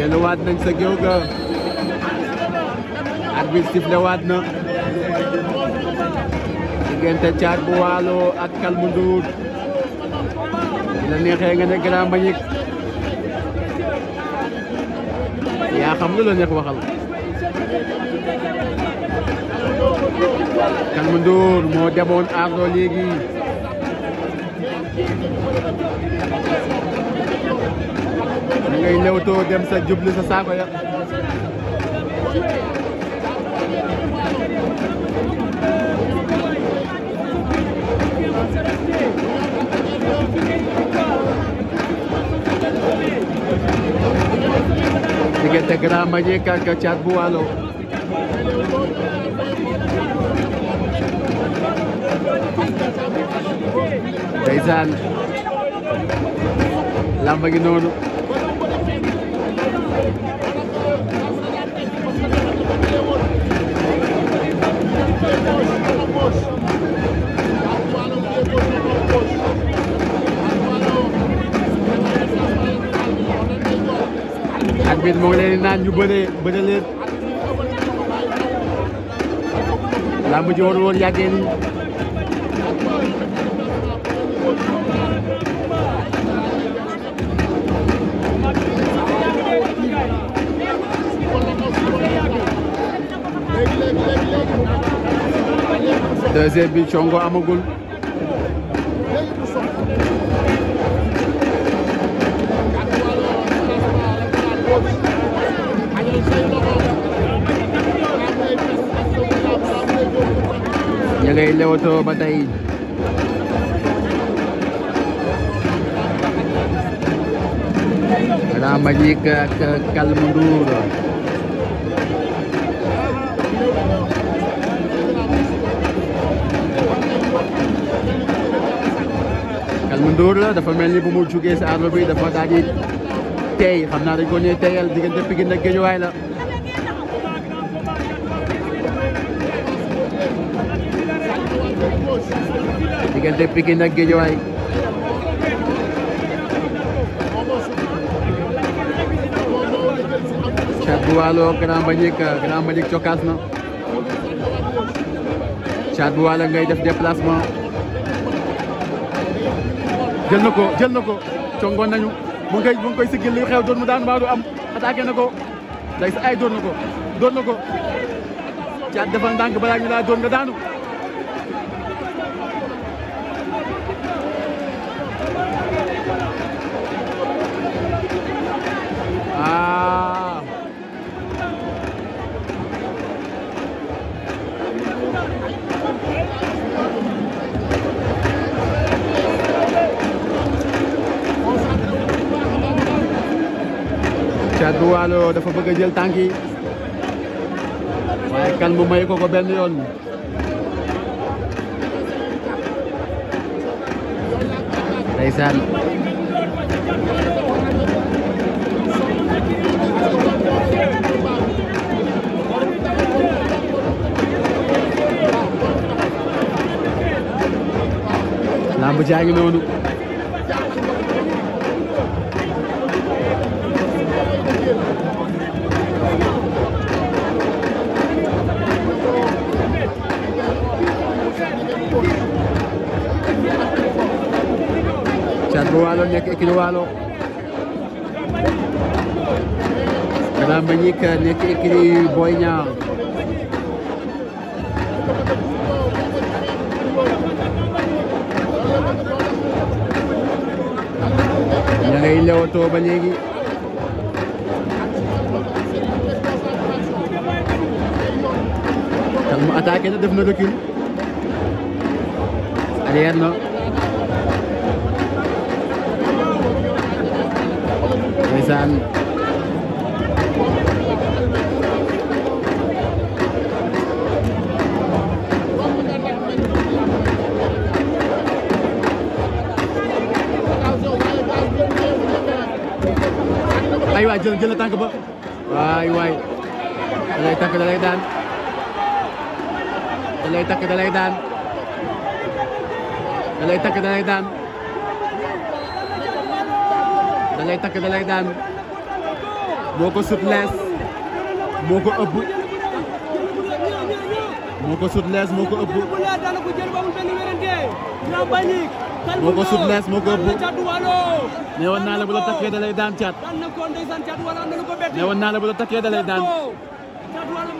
delluwaat nañ sa géew ga arbitre siflewaat na diggante caat bu waalo ak Calm Ndour la neexee nga ne Grand Mbagnick yaa xam lu la neex waxal Calm Ndour moo demoon ardo léegi da ngay dem sa jubli sa saako ya diggante Grand bu Waalo ndeysaan arbitre moo leen naan ñu bëree bëre leen làmb ji warul ña ngay lewoto ba ak Calm Ndour Calm Ndour la dafa mel ni bu mu jugee si àll bi dafa daal di tey xam naa dañ ko ñëw teyal diggante Pikine ak Guédiawaye la diggante Pikine ak Guédiawaye Caatu Waalo Grand Mbagnick Grand Mbagnick cokkaas na Caatu Waalo ngay def déplacement jël na ko jël na ko congoon nañu mu ngi koy mu ngi koy xew doon mu daan mbaa du am attaqué na ko day sa ay doon na ko doon na ko caat defal ndànk balaa ñu laa doon nga daanu du waalo dafa bëgg a jël tànk yi waaye kan ko ko benn yoon ndeysaan lamb jaa ngi noonu nekk écurie Waalo Grand Mbagnick nekk écurie Boy Niang ña ngay lewatoo ba léegi kan na def na recul arrière na ndeysaan ay waay jël jël tànk ba waay waay da lay takk da lay daan da lay takk da lay daan da lay takk da lay daan da ngay takk da lay daan moo ko sut lees moo ko ëpp moo ko sut lees moo ko ëpp moo ko sut lees moo ko ëpp ne woon naa la bu la takkee da lay daan caat ne woon naa la bu la takkee da lay daan